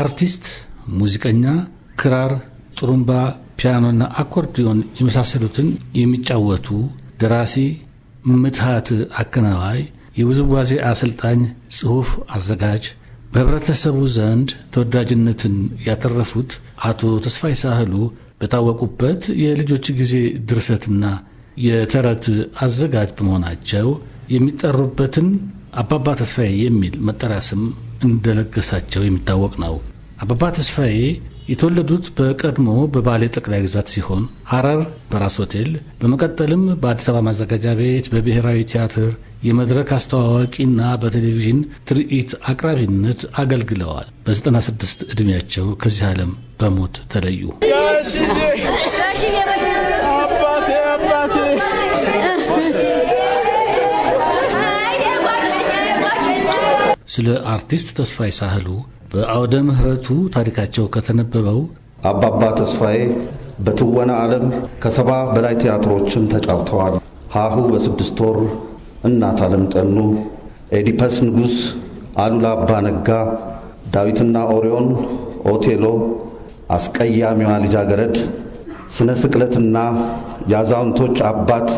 አርቲስት፣ ሙዚቀኛ፣ ክራር፣ ጥሩምባ፣ ፒያኖና አኮርዲዮን የመሳሰሉትን የሚጫወቱ ደራሲ፣ ምትሃት አከናዋይ፣ የውዝዋዜ አሰልጣኝ፣ ጽሑፍ አዘጋጅ በህብረተሰቡ ዘንድ ተወዳጅነትን ያተረፉት አቶ ተስፋይ ሳህሉ በታወቁበት የልጆች ጊዜ ድርሰትና የተረት አዘጋጅ በመሆናቸው የሚጠሩበትን አባባ ተስፋዬ የሚል መጠሪያ ስም እንደለገሳቸው የሚታወቅ ነው። አበባ ተስፋዬ የተወለዱት በቀድሞ በባሌ ጠቅላይ ግዛት ሲሆን ሐረር በራስ ሆቴል በመቀጠልም በአዲስ አበባ ማዘጋጃ ቤት በብሔራዊ ቲያትር የመድረክ አስተዋዋቂና በቴሌቪዥን ትርኢት አቅራቢነት አገልግለዋል። በ96 ዕድሜያቸው ከዚህ ዓለም በሞት ተለዩ። ስለ አርቲስት ተስፋዬ ሳህሉ በአውደ ምሕረቱ ታሪካቸው ከተነበበው አባባ ተስፋዬ በትወና ዓለም ከሰባ በላይ ቲያትሮችን ተጫውተዋል። ሀሁ በስድስት ወር፣ እናት ዓለም ጠኑ፣ ኤዲፐስ ንጉሥ፣ አሉላ አባ ነጋ፣ ዳዊትና ኦሪዮን፣ ኦቴሎ፣ አስቀያሚዋ ልጃገረድ፣ ስነ ስቅለትና የአዛውንቶች አባት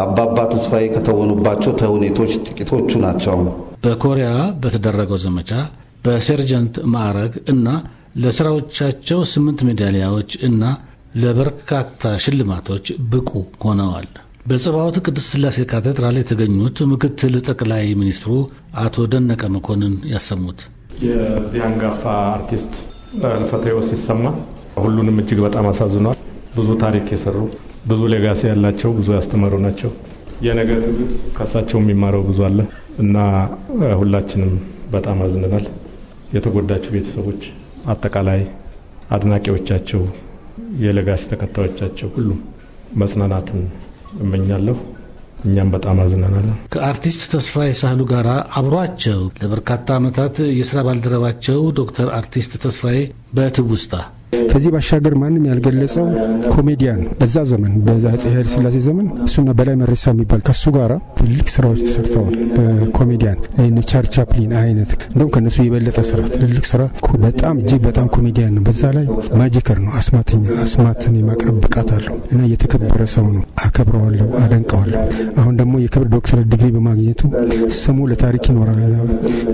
አባባ ተስፋዬ ከተወኑባቸው ተውኔቶች ጥቂቶቹ ናቸው። በኮሪያ በተደረገው ዘመቻ በሴርጀንት ማዕረግ እና ለስራዎቻቸው ስምንት ሜዳሊያዎች እና ለበርካታ ሽልማቶች ብቁ ሆነዋል። በጽባወት ቅድስት ሥላሴ ካቴድራል የተገኙት ምክትል ጠቅላይ ሚኒስትሩ አቶ ደነቀ መኮንን ያሰሙት የዚህ አንጋፋ አርቲስት ሕልፈተ ሕይወት ሲሰማ ሁሉንም እጅግ በጣም አሳዝኗል። ብዙ ታሪክ የሰሩ ብዙ ሌጋሲ ያላቸው ብዙ ያስተማሩ ናቸው። የነገ ትውልድ ከሳቸው የሚማረው ብዙ አለ እና ሁላችንም በጣም አዝነናል። የተጎዳቸው ቤተሰቦች፣ አጠቃላይ አድናቂዎቻቸው፣ የለጋሲ ተከታዮቻቸው ሁሉም መጽናናትን እመኛለሁ። እኛም በጣም አዝነናል። ከአርቲስት ተስፋዬ ሳህሉ ጋር አብሯቸው ለበርካታ ዓመታት የሥራ ባልደረባቸው ዶክተር አርቲስት ተስፋዬ በትውስታ ከዚህ ባሻገር ማንም ያልገለጸው ኮሜዲያን በዛ ዘመን በአፄ ኃይለ ስላሴ ዘመን እሱና በላይ መሬሳ የሚባል ከሱ ጋራ ትልቅ ስራዎች ተሰርተዋል። በኮሜዲያን ቻር ቻፕሊን አይነት እንደውም ከነሱ የበለጠ ስራ ትልልቅ ስራ በጣም እጅግ በጣም ኮሜዲያን ነው። በዛ ላይ ማጂከር ነው፣ አስማተኛ አስማትን የማቅረብ ብቃት አለው እና የተከበረ ሰው ነው። አከብረዋለሁ፣ አደንቀዋለሁ። አሁን ደግሞ የክብር ዶክተር ዲግሪ በማግኘቱ ስሙ ለታሪክ ይኖራል።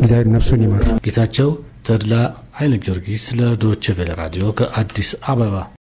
እግዚአብሔር ነፍሱን ይማር። ጌታቸው ተድላ ኃይለ ጊዮርጊስ ለዶቼ ቬለ ራዲዮ ከአዲስ አበባ